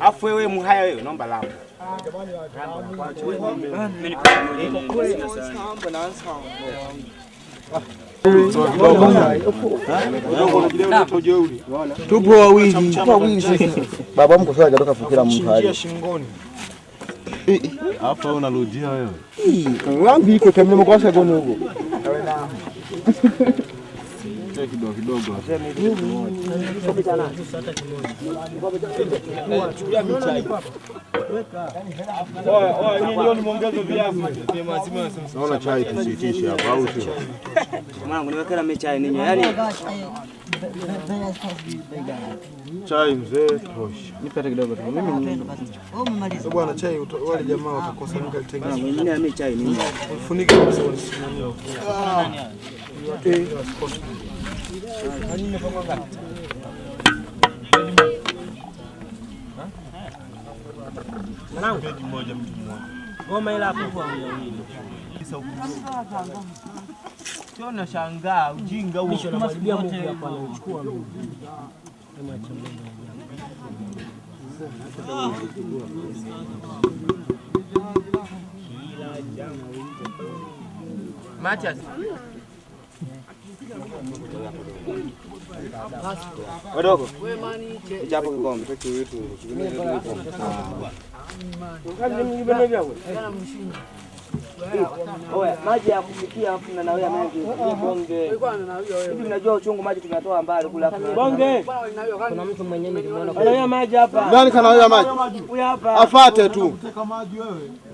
Afu wewe Mhaya wewe naomba lambo. Tupo wawili. Baba mko sasa fukira mtu fikira mhali. Hapa unarudia wewe. Wangu iko mko sasa gono huko. Tuletee kidogo kidogo. Naona chai tusiitishe hapa au sio? Mwanangu niwekela mimi chai ninyo. Yaani chai mzee tosha. Nipe hata kidogo tu. Mimi ni eh, bwana chai wale jamaa watakosa nika tengeneza. Mimi mimi chai ninyo. Funike basi Ah. Eh. Ngoma ila hapo Tona shangaa ujinga Matias Wadogo, chapo kikombe. Oya, maji ya kufikia hapo na nawea mengi. Bonge. Hivi mnajua uchungu maji tunatoa mbali kula. Bonge. Kuna mtu mwenyewe nimeona. Nawea maji hapa. Nani kanawea maji? Huyu hapa. Afate tu.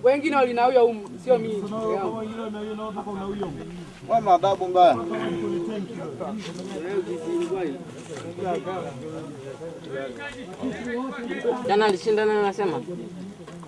Wengine walinawia huko, sio mimi. Wewe adabu mbaya. Jana alishindana anasema.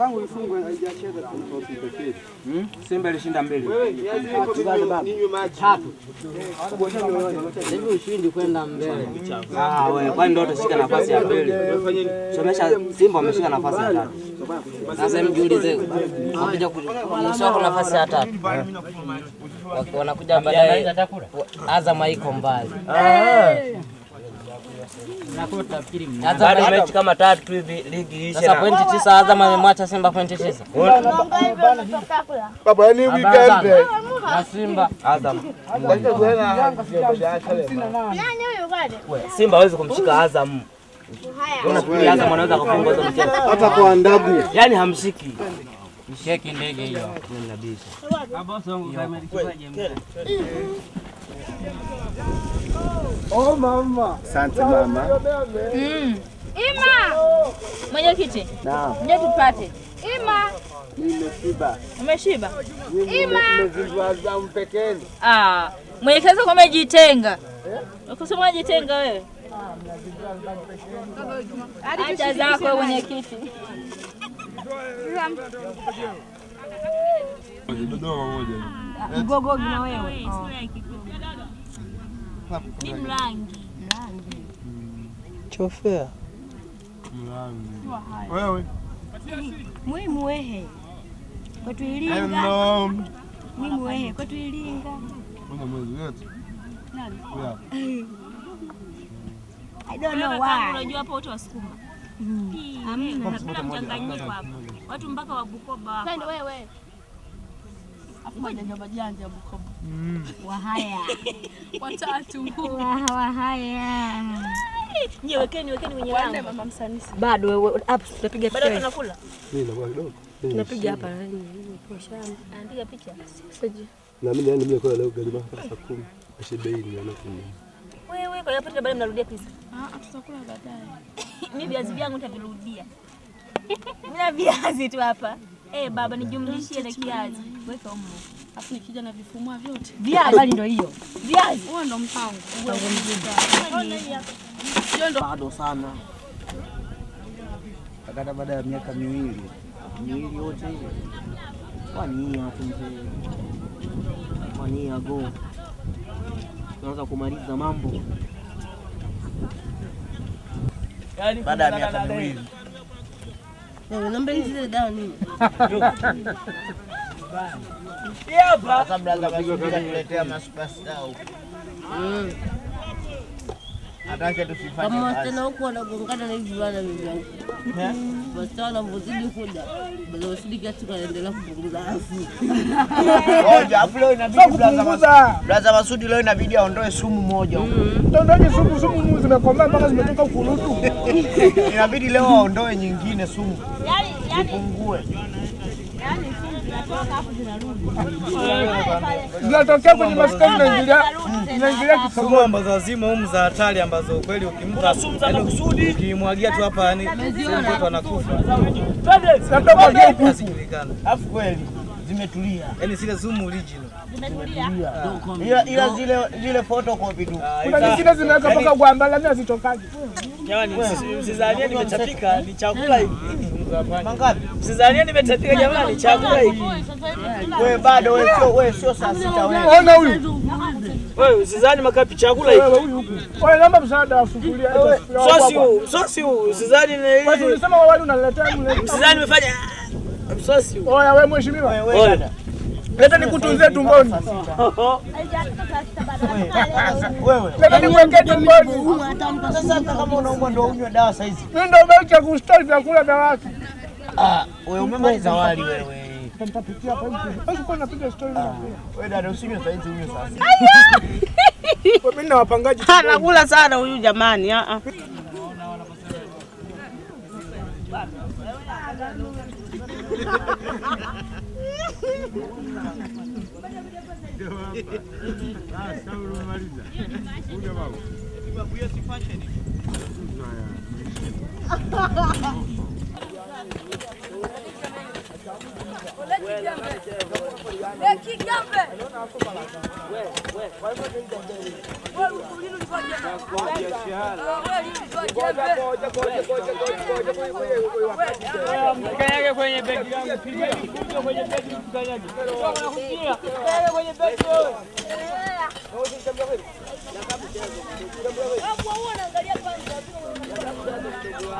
Tangu ifungwe haijacheza hmm? Simba ilishinda mbili. Yaani ah, ushindi kwenda mbele. Ah, wewe kwani ndio utashika nafasi ya pili? Somesha Simba wameshika nafasi ya tatu. Sasa mjiulize, nafasi ya tatu wanakuja baadaye, Azam haiko mbali bado mechi kama tatu hivi ligi ishe. Sasa pointi tisa Azam amemwacha Simba pointi tisa. Baba ni weekend na Simba Azam. Yaani Simba hawezi kumshika Azam. Unafikiri Azam anaweza kufunga hizo mchezo? Hata kwa ndagu. Yaani hamshiki. Mshiki ndege hiyo yaani kabisa. Oh, mama. Asante mama. Mm. Ima. Mwenyekiti. Naam. Nje tupate. Ima. Nimeshiba. Umeshiba? Ima. Nimezivaa mpekeni. Ah, mwenyekiti kwa umejitenga. Eh? Ukisema unajitenga wewe. Acha zako mwenyekiti. Mgogo na wewe. Ah, ni mlangi. Mlangi. Chofea. Mlangi. Wewe. Mwimu wehe. Kwa tuilinga. Hello. Mwimu Kwa tuilinga. Kuna mwezi wetu. Nani? I don't know why. Unajua hapo watu wasukuma. Hmm. Hamna, napenda mchanganyiko hapa. Watu mpaka wa Bukoba. wewe. Afanya majanja Bukoba. Mm. Wahaya. Watatu. Wahaya. Nye wekeni wekeni kwenye lango. Mama msanisi. Bado wewe hapo tunapiga picha. Bado tunakula. Mimi na kidogo. Tunapiga hapa kwa picha. Sije. Na mimi yani mimi kwa leo gharama saa 10. Ashe bei ni ana kumi. Wewe kwa hiyo pata mnarudia pesa. Ah, tutakula baadaye. Mimi viazi vyangu nitavirudia. Mimi na viazi tu hapa. Eh, baba nijumlishie na kiazi. Weka huko. Alafu nikija na vifumua vyote. Viazi bali ndio hiyo. Viazi. Huo ndo mpango. Hiyo ndo bado sana. Akata baada ya miaka miwili. Miwili yote hiyo. Kwani hapo mzee. Kwani ago? Tunaanza kumaliza mambo. Yaani baada ya miaka miwili. Kabla hajafika kuletea masupa huko. Mm. Atake tusifanye. Kama wasichana huko wanagongana na hivi bana bibi eh? Wasichana wanazidi kuja. Bado kiasi kaendelea kupunguza afu. Ngoja, leo inabidi Masudi leo inabidi aondoe sumu moja huko. Mm-hmm. Tondoje sumu sumu muzi mpaka zimetoka ukurutu. Inabidi leo aondoe nyingine sumu. Yaani, yaani, ipungue zinatokea kwenye maskani, naingilia sumu ambazo hazimo humu za hatari, ambazo kweli ukimpa yaani ukimwagia tu hapa, yani mtoto anakufa, yaani alafu kweli zimetulia, yani zile zoom original zimetulia, ila zile zile photocopy tu, ah, kuna zingine zimeweka yaani paka kwa la mimi hazitokaje. Jamani, msizalie nimetapika, ni chakula hiki. Mangapi? Msizalie nimetapika jamani, chakula hiki. Wewe bado wewe sio wewe sio saa sita wewe. Ona huyu. Wewe usizani makapi chakula hiki. Wewe naomba msaada asufuria. Sosi huu, sosi huu, usizani na hii. Wewe unasema wali unaletea mle. Msizani umefanya sosi huu. Oya wewe mheshimiwa. Wewe dada. Leta nikutunzie tumboni. Leta nikuwekee tumboni. Sasa yaani hata kama unaumwa ndio unywe dawa saa hizi. Mimi ndio mecha kustari vyakula vya watu. Ah, wewe umemaliza wali wewe. Nitapitia hapa hivi. Basi kwa napiga story mimi. Ah, wewe dada usinywe saa hizi unywe sasa. Mimi na wapangaji. Anakula sana huyu jamani. Ah ah. Ah, Mkanyage kwenye begi yangu, kwenye begi, mkanyage kwenye begi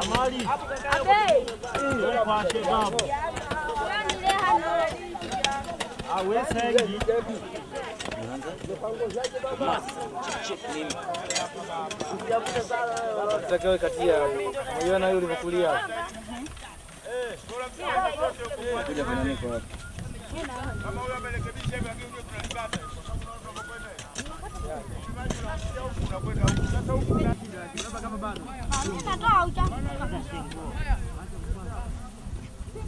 Amali ulivyokulia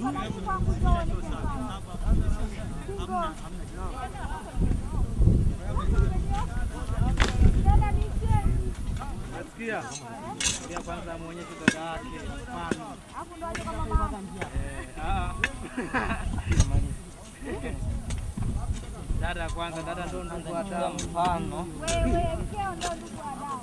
Nasikia ya kwanza muonyeshe dada yake mfano, hapo ndo aje kama mama. Dada kwanza, dada ndo ndugu wa damu mfano. Wewe mkeo ndo ndugu wa damu.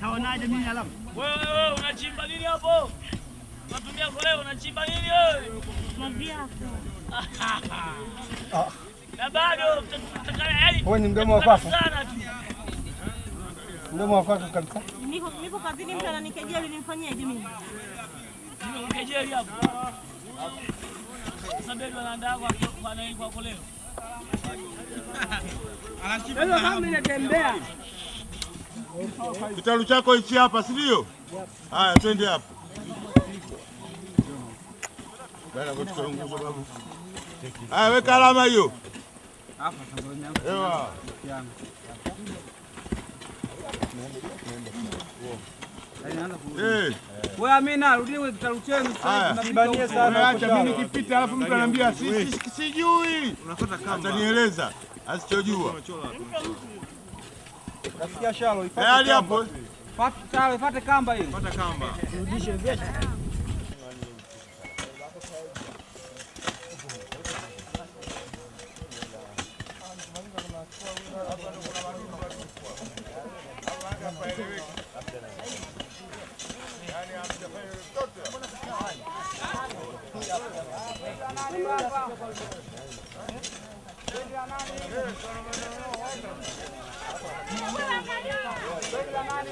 Chaonaje mimi alafu? Wewe wewe unachimba nini hapo? Unatumia koleo unachimba nini wewe? Na bado mtakana yani. Wewe ni mdomo wa kwako. Mdomo wa kwako kabisa. Niko niko kazini mtu ananikejeli nimfanyeje mimi? Niko kejeli hapo. Sababu wanaandaa kwa kwa koleo. Anachimba. Leo kama Kitalu chako hichi hapa si ndio? Haya, twende hapo babu. Haya, weka alama hiyo. Ewa. Eh. Wewe Amina, rudi kwenye kitalu chenu sasa. Mnabanie sana. Acha mimi nikipita alafu mtu ananiambia sijui. Atanieleza asichojua. Nafikia shalo. ifate kamba. Fuate kamba hii. Fuata kamba. Turudishe viatu.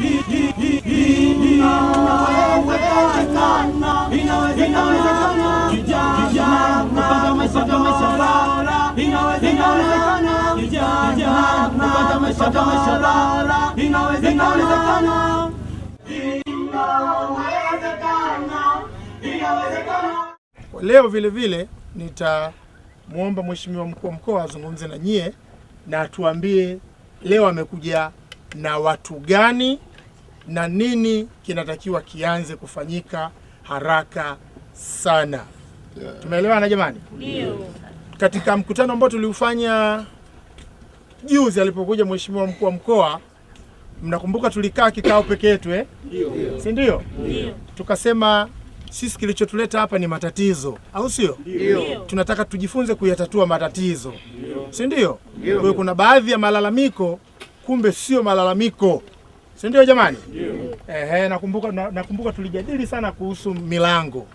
Hii hii hii maisha bora inawezekana, Leo vile vile nitamwomba Mheshimiwa mkuu wa mkoa azungumze na nyie na atuambie leo amekuja na watu gani na nini kinatakiwa kianze kufanyika haraka sana. Tumeelewana jamani? Ndio. Katika mkutano ambao tuliufanya juzi alipokuja mheshimiwa mkuu wa mkoa, mnakumbuka tulikaa kikao peke yetu eh? si ndio? Tukasema sisi kilichotuleta hapa ni matatizo, au sio? Tunataka tujifunze kuyatatua matatizo, si ndio? Kwa hiyo kuna baadhi ya malalamiko kumbe sio malalamiko, si ndio jamani? Ehe, nakumbuka, nakumbuka tulijadili sana kuhusu milango,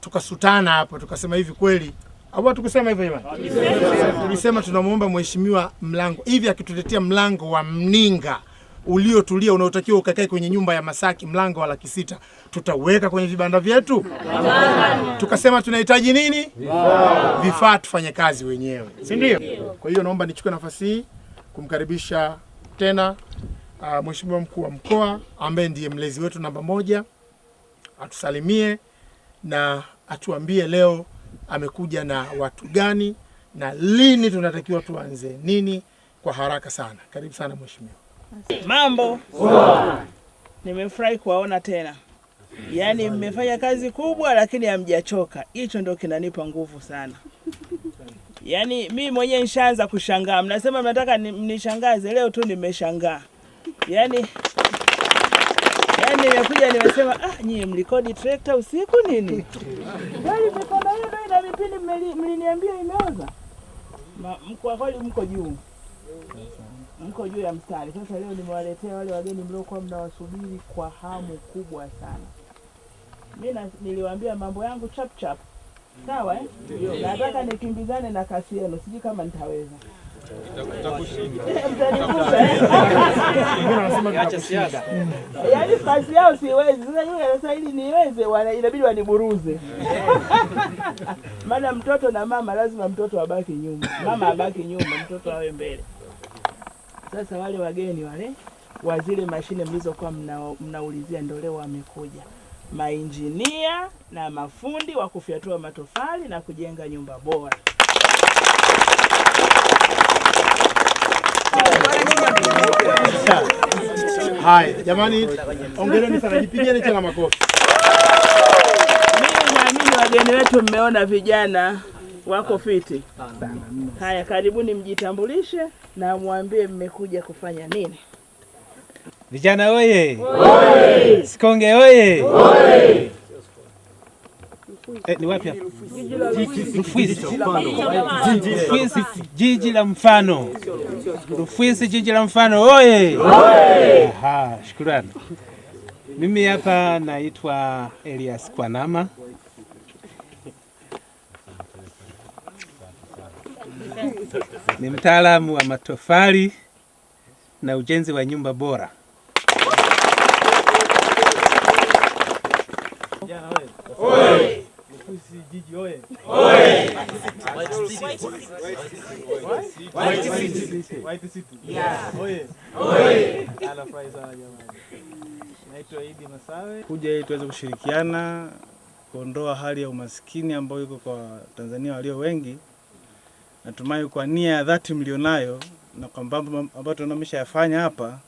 tukasutana hapo, tukasema hivi kweli au tukusema hivyo jamani? Tulisema tunamwomba mheshimiwa mlango hivi, akituletea mlango wa mninga uliotulia unaotakiwa ukakae kwenye nyumba ya Masaki, mlango wa laki sita tutaweka kwenye vibanda vyetu? Tukasema tunahitaji nini? Vifaa tufanye kazi wenyewe, si ndio? Kwa hiyo naomba nichukue nafasi hii kumkaribisha tena uh, mheshimiwa mkuu wa mkoa ambaye ndiye mlezi wetu namba moja, atusalimie na atuambie leo amekuja na watu gani na lini tunatakiwa tuanze nini kwa haraka sana. Karibu sana mheshimiwa. Mambo. Nimefurahi kuwaona tena, yaani mmefanya kazi kubwa lakini hamjachoka. Hicho ndio kinanipa nguvu sana. Yaani mi mwenyewe nishaanza kushangaa, mnasema mnataka mnishangaze, leo tu nimeshangaa. Yaani Yaani nimekuja nimesema, ah, nyie mlikodi trekta usiku nini? Kweli yaani mikono hiyo ndio ina vipindi mliniambia imeoza. Mko kweli, mko juu, mko juu ya mstari. Sasa leo nimewaletea wale wageni mliokuwa mnawasubiri kwa hamu kubwa sana. Mimi niliwaambia mambo yangu chap chap, sawa eh? Nataka nikimbizane na kasi yenu, sijui kama nitaweza yaani kazi yao siwezi. Sasa yule anasema ili niweze, inabidi waniburuze, maana mtoto na mama lazima mtoto abaki nyuma, mama abaki nyuma, mtoto awe mbele. Sasa wale wageni wale wa zile mashine mlizokuwa mnaulizia ndio leo wamekuja mainjinia na mafundi wa kufyatua matofali na kujenga nyumba bora. Haya jamani, ongereni sana, jipigeni tena makofi. Mimi naamini wageni wetu mmeona vijana wako fiti. Haya, karibuni mjitambulishe na mwambie mmekuja kufanya nini. Vijana oye! Sikonge oye! Eh, ni wapi hapa? jiji la mfano. Rufwisi, jiji la mfano, oye! shukrani. Mimi hapa naitwa Elias Kwanama. Ni mtaalamu wa matofali na ujenzi wa nyumba bora. Kijiji oye! Anafurahi sana jamani. Naitwa Idi Masawe, kuja ili tuweze kushirikiana kuondoa hali ya umaskini ambayo iko kwa Tanzania walio wengi. Natumai kwa nia ya dhati mlionayo na kwa mambo ambayo tunamesha yafanya hapa,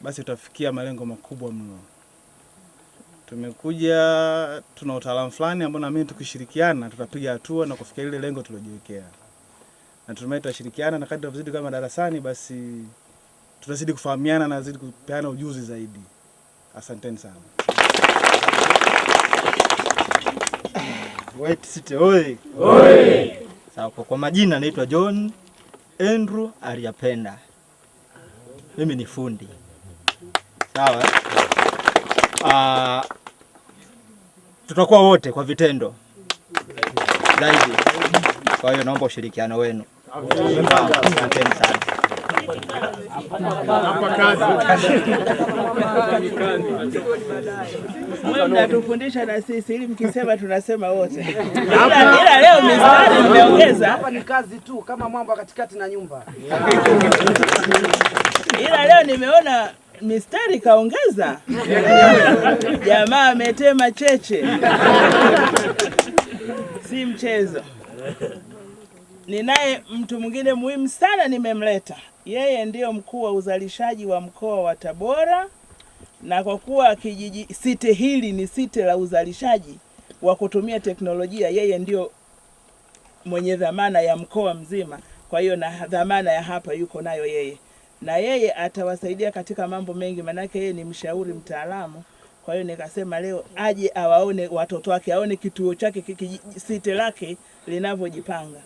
basi utafikia malengo makubwa mno tumekuja tuna utaalamu fulani ambao naamini tukishirikiana tutapiga hatua na kufikia ile lengo tulojiwekea, na tunatumai tutashirikiana, na kadri tutazidi kama darasani, basi tutazidi kufahamiana na zidi kupeana ujuzi zaidi. Asanteni sana. White City oi. Oi. Sawa, kwa majina naitwa John Andrew Ariapenda, mimi ni fundi. Sawa. Uh, tutakuwa wote kwa vitendo zaidi. Kwa hiyo naomba ushirikiano wenu, asanteni sana. Mwe mnatufundisha na sisi, ili mkisema tunasema wote, ila leo mistari mmeongeza. Hapa ni kazi tu, kama mwamba katikati na nyumba, ila leo nimeona mistari kaongeza. Jamaa ametema cheche, si mchezo. Ninaye mtu mwingine muhimu sana nimemleta. Yeye ndiyo mkuu wa uzalishaji wa mkoa wa Tabora, na kwa kuwa kijiji site hili ni site la uzalishaji wa kutumia teknolojia, yeye ndiyo mwenye dhamana ya mkoa mzima. Kwa hiyo na dhamana ya hapa yuko nayo yeye na yeye atawasaidia katika mambo mengi, maanake yeye ni mshauri mtaalamu. Kwa hiyo nikasema leo aje awaone watoto wake, aone kituo chake site lake linavyojipanga.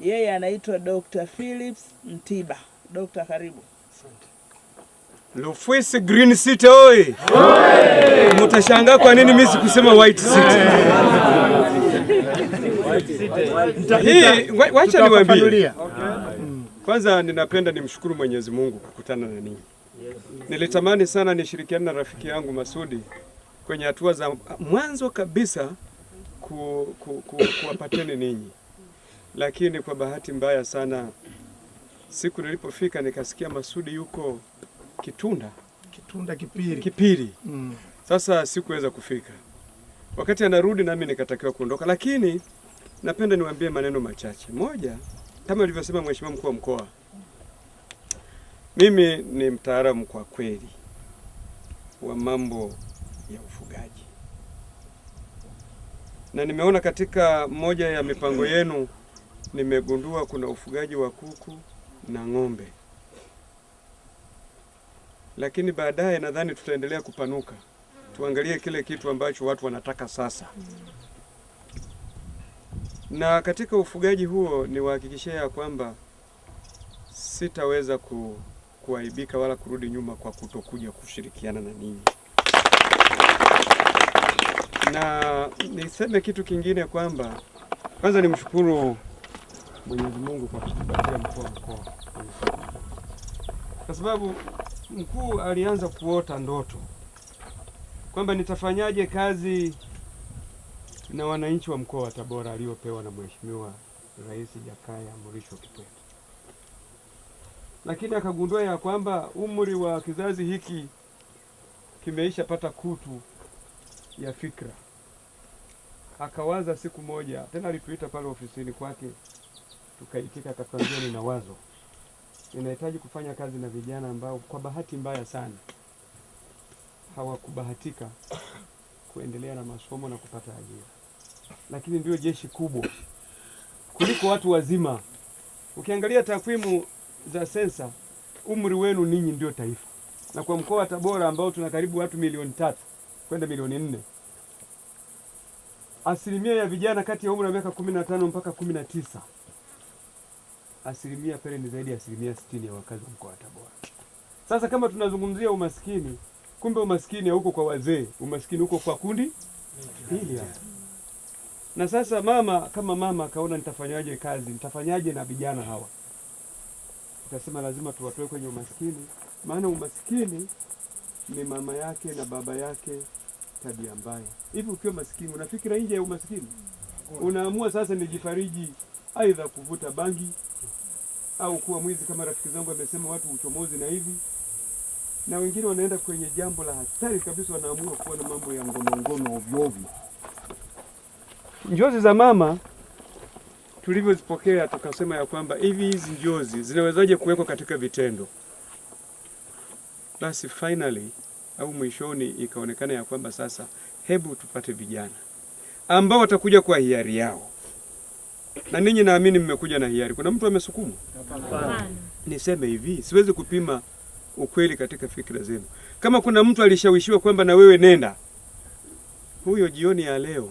Yeye anaitwa Dr. Philips Mtiba. Dokta, karibu. Lufwisi Green City oi! Mutashangaa kwa nini mimi sikusema White City. Hii wacha niwaambie. Kwanza ninapenda nimshukuru Mwenyezi Mungu kukutana na ninyi. Nilitamani sana nishirikiane na rafiki yangu Masudi kwenye hatua za mwanzo kabisa ku, ku, ku, kuwapateni ninyi, lakini kwa bahati mbaya sana siku nilipofika nikasikia Masudi yuko Kitunda, Kitunda Kipiri, Kipiri. Mm. Sasa sikuweza kufika. Wakati anarudi nami nikatakiwa kuondoka, lakini napenda niwaambie maneno machache. Moja, kama alivyosema Mheshimiwa mkuu wa mkoa, mimi ni mtaalamu kwa kweli wa mambo ya ufugaji na nimeona katika moja ya mipango yenu nimegundua kuna ufugaji wa kuku na ng'ombe, lakini baadaye nadhani tutaendelea kupanuka, tuangalie kile kitu ambacho watu wanataka sasa na katika ufugaji huo niwahakikishia ya kwamba sitaweza ku, kuaibika wala kurudi nyuma kwa kutokuja kushirikiana na ninyi. Na niseme kitu kingine kwamba kwanza nimshukuru Mwenyezi Mungu kwa kutupatia mkuu wa mkoa, kwa sababu mkuu alianza kuota ndoto kwamba nitafanyaje kazi na wananchi wa mkoa wa Tabora aliyopewa na Mheshimiwa Rais Jakaya Mrisho Kikwete, lakini akagundua ya kwamba umri wa kizazi hiki kimeisha pata kutu ya fikra. Akawaza siku moja tena, alituita pale ofisini kwake, tukaitika, akakwambia nina wazo, ninahitaji kufanya kazi na vijana ambao kwa bahati mbaya sana hawakubahatika kuendelea na masomo na kupata ajira lakini ndio jeshi kubwa kuliko watu wazima. Ukiangalia takwimu za sensa, umri wenu ninyi ndio taifa, na kwa mkoa wa Tabora ambao tuna karibu watu milioni tatu kwenda milioni nne, asilimia ya vijana kati ya umri wa miaka kumi na tano mpaka kumi na tisa asilimia pale ni zaidi ya asilimia sitini ya wakazi wa mkoa wa Tabora. Sasa kama tunazungumzia umaskini, kumbe umaskini hauko kwa wazee, umaskini huko kwa kundi hili hapa. Na sasa mama kama mama akaona nitafanyaje kazi, nitafanyaje na vijana hawa? Akasema lazima tuwatoe kwenye umaskini, maana umaskini ni mama yake na baba yake tabia mbaya. Hivi ukiwa maskini unafikira nje ya umaskini, unaamua sasa nijifariji, aidha kuvuta bangi au kuwa mwizi kama rafiki zangu amesema, watu uchomozi na hivi na wengine wanaenda kwenye jambo la hatari kabisa, wanaamua kuwa na mambo ya ngono ngono ovyo njozi za mama tulivyozipokea tukasema ya kwamba hivi hizi njozi zinawezaje kuwekwa katika vitendo. Basi finally au mwishoni ikaonekana ya kwamba sasa, hebu tupate vijana ambao watakuja kwa hiari yao, na ninyi naamini mmekuja na hiari. Kuna mtu amesukumwa? Niseme hivi, siwezi kupima ukweli katika fikra zenu. Kama kuna mtu alishawishiwa kwamba na wewe nenda, huyo jioni ya leo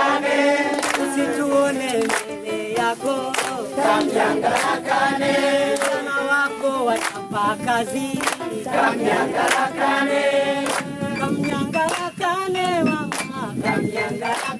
kane, usituone mbele yako, kane, mama wako watapa kazi, tamjangarakane, kane, mama, tamjangarakane